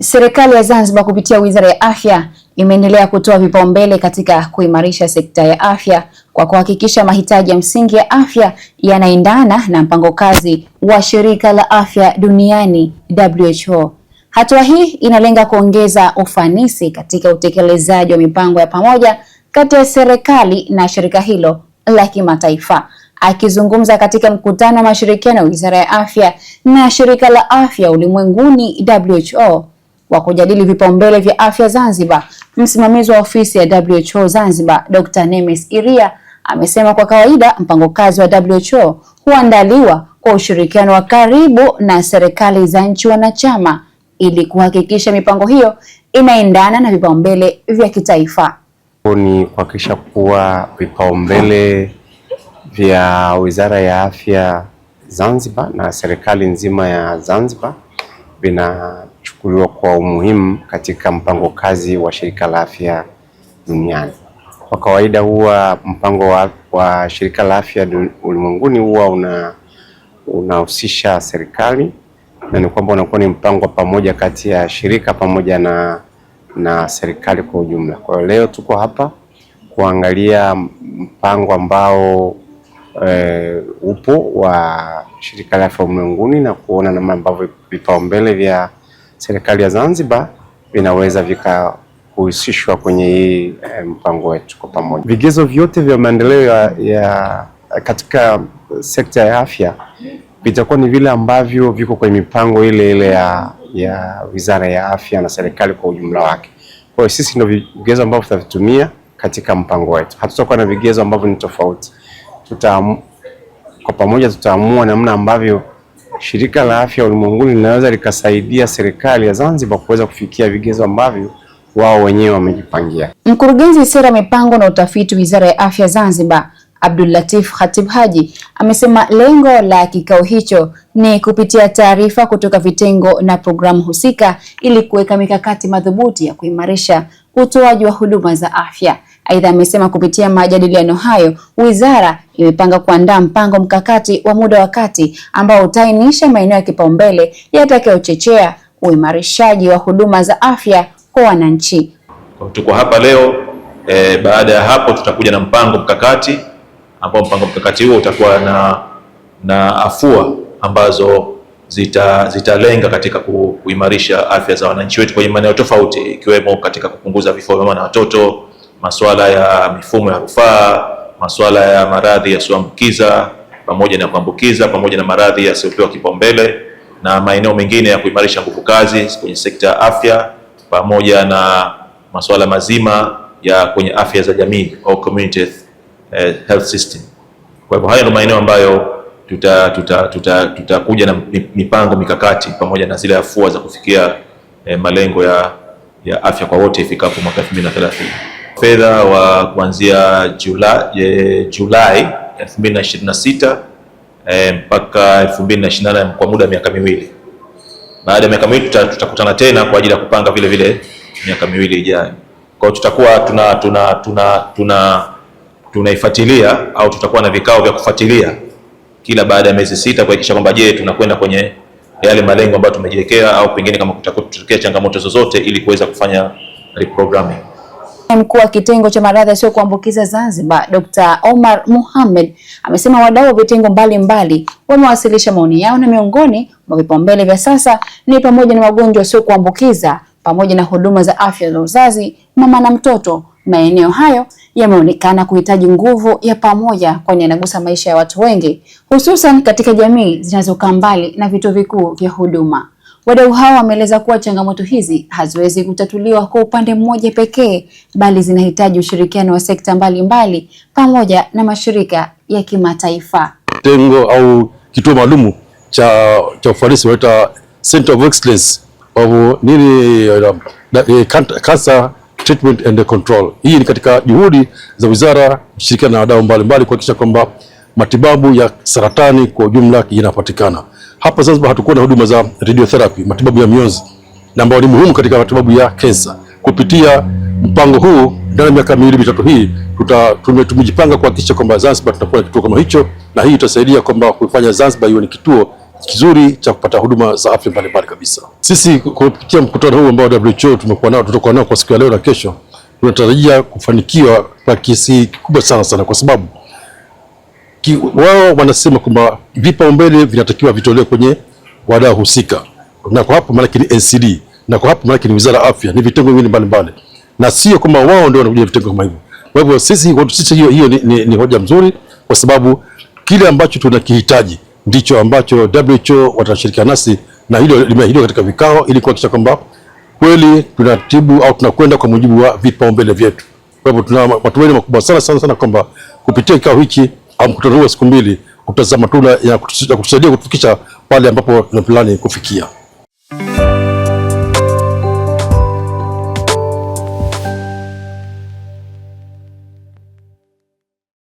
Serikali ya Zanzibar kupitia Wizara ya Afya imeendelea kutoa vipaumbele katika kuimarisha sekta ya afya kwa kuhakikisha mahitaji ya msingi ya afya yanaendana na mpango kazi wa Shirika la Afya Duniani WHO. Hatua hii inalenga kuongeza ufanisi katika utekelezaji wa mipango ya pamoja kati ya serikali na shirika hilo la kimataifa. Akizungumza katika mkutano wa mashirikiano ya Wizara ya Afya na Shirika la Afya Ulimwenguni WHO, wa kujadili vipaumbele vya afya Zanzibar. Msimamizi wa ofisi ya WHO Zanzibar, Dr. Nemes Iria amesema kwa kawaida mpango kazi wa WHO huandaliwa kwa ushirikiano wa karibu na serikali za nchi wanachama ili kuhakikisha mipango hiyo inaendana na vipaumbele vya kitaifa. Ni kuhakikisha kuwa vipaumbele vya Wizara ya Afya Zanzibar na serikali nzima ya Zanzibar vina kuchukuliwa kwa umuhimu katika mpango kazi wa shirika la afya duniani. Kwa kawaida huwa mpango wa, wa shirika la afya ulimwenguni huwa una unahusisha serikali na ni kwamba unakuwa ni mpango pamoja kati ya shirika pamoja na, na serikali kwa ujumla. Kwa hiyo leo tuko hapa kuangalia mpango ambao e, upo wa shirika la afya ulimwenguni na kuona namna ambavyo vipaumbele vya serikali ya Zanzibar vinaweza vikahusishwa kwenye hii eh, mpango wetu kwa pamoja. Vigezo vyote vya maendeleo ya, ya katika sekta ya afya vitakuwa ni vile ambavyo viko kwenye mipango ile ile ya, ya Wizara ya Afya na serikali kwa ujumla wake. Kwa hiyo sisi ndio vigezo ambavyo tutavitumia katika mpango wetu. Hatutakuwa na vigezo ambavyo ni tofauti. Tuta, kwa pamoja tutaamua namna ambavyo shirika la afya ulimwenguni linaweza likasaidia serikali ya Zanzibar kuweza kufikia vigezo ambavyo wao wenyewe wamejipangia. Mkurugenzi sera mipango na utafiti Wizara ya Afya Zanzibar Abdul Latif Khatib Haji amesema lengo la kikao hicho ni kupitia taarifa kutoka vitengo na programu husika ili kuweka mikakati madhubuti ya kuimarisha utoaji wa huduma za afya. Aidha, amesema kupitia majadiliano hayo wizara imepanga kuandaa mpango mkakati wa muda wa kati ambao utaainisha maeneo ya kipaumbele yatakayochochea uimarishaji wa huduma za afya kwa wananchi. Tuko hapa leo e, baada ya hapo tutakuja na mpango mkakati ambao mpango mkakati huo utakuwa na, na afua ambazo zita zitalenga katika kuimarisha afya za wananchi wetu kwenye maeneo tofauti ikiwemo katika kupunguza vifo vya mama na watoto masuala ya mifumo ya rufaa, masuala ya maradhi yasiyoambukiza pamoja na kuambukiza, pamoja na maradhi yasiyopewa kipaumbele na maeneo mengine ya kuimarisha nguvu kazi kwenye sekta ya afya, pamoja na masuala mazima ya kwenye afya za jamii au community eh, health system. Kwa hivyo haya ndio maeneo ambayo tutakuja tuta, tuta, tuta na mipango mikakati pamoja na zile afua za kufikia eh, malengo ya, ya afya kwa wote ifikapo mwaka 2030 fedha wa kuanzia Julai, Julai 2026 eh, mpaka 2028 kwa muda wa miaka miwili. Baada ya miaka miwili tutakutana tena kwa ajili ya kupanga vile vile miaka miwili ijayo. Kwa hiyo tutakuwa tuna tuna tuna tuna tunaifuatilia au tutakuwa na vikao vya kufuatilia kila baada ya miezi sita kuhakikisha kwamba je, tunakwenda kwenye yale malengo ambayo tumejiwekea au pengine kama kutakotokea changamoto zozote ili kuweza kufanya reprogramming. Mkuu wa kitengo cha maradhi kuambukiza Zanzibar, Dr. Omar Mohamed amesema wadau wa vitengo mbalimbali wamewasilisha maoni yao na miongoni mwa vipaumbele vya sasa ni pamoja na magonjwa kuambukiza pamoja na huduma za afya za uzazi, mama na mtoto. Maeneo hayo yameonekana kuhitaji nguvu ya pamoja, kwani yanagusa maisha ya watu wengi, hususan katika jamii zinazokaa mbali na vituo vikuu vya huduma. Wadau hao wameeleza kuwa changamoto hizi haziwezi kutatuliwa kwa upande mmoja pekee, bali zinahitaji ushirikiano wa sekta mbalimbali mbali, pamoja na mashirika ya kimataifa. Tengo au kituo maalum cha, cha ufanisi wanaita Center of Excellence of nini eh, eh, cancer treatment and control. Hii ni katika juhudi za wizara kushirikiana na wadau mbalimbali kuhakikisha kwamba matibabu ya saratani kwa ujumla inapatikana hapa. Zanzibar hatukuwa na huduma za radiotherapy, matibabu ya mionzi na ambayo ni muhimu katika matibabu ya kansa. Kupitia mpango huu ndani ya miaka miwili mitatu hii tumejipanga kuhakikisha kwamba Zanzibar tutakuwa na kituo kama hicho, na hii itasaidia kwamba kufanya Zanzibar iwe ni kituo kizuri cha kupata huduma za afya mbalimbali kabisa. Sisi kupitia mkutano huu ambao WHO tumekuwa nao, tutakuwa nao kwa siku ya leo na kesho, tunatarajia kufanikiwa kwa kiasi kikubwa sana sana, kwa sababu ki, wao wanasema kwamba vipaumbele vinatakiwa vitolewe kwenye wadau husika, na kwa hapo maanake ni NCD, na kwa hapo maanake ni Wizara ya Afya, ni vitengo vingine mbalimbali, na sio kwamba wao ndio wanakuja vitengo kama hivyo. Kwa hivyo sisi kwa sisi, hiyo hiyo ni, ni, ni hoja mzuri, kwa sababu kile ambacho tunakihitaji ndicho ambacho WHO watashirikiana nasi, na hilo limeahidiwa katika vikao, ili kuhakikisha kwamba kweli tunatibu au tunakwenda kwa mujibu wa vipaumbele vyetu. Kwa hivyo tuna matumaini makubwa sana sana sana kwamba kupitia kikao hichi au mkutano huu wa siku mbili kutazama tu ya kutusaidia kutufikisha pale ambapo tunapilani kufikia.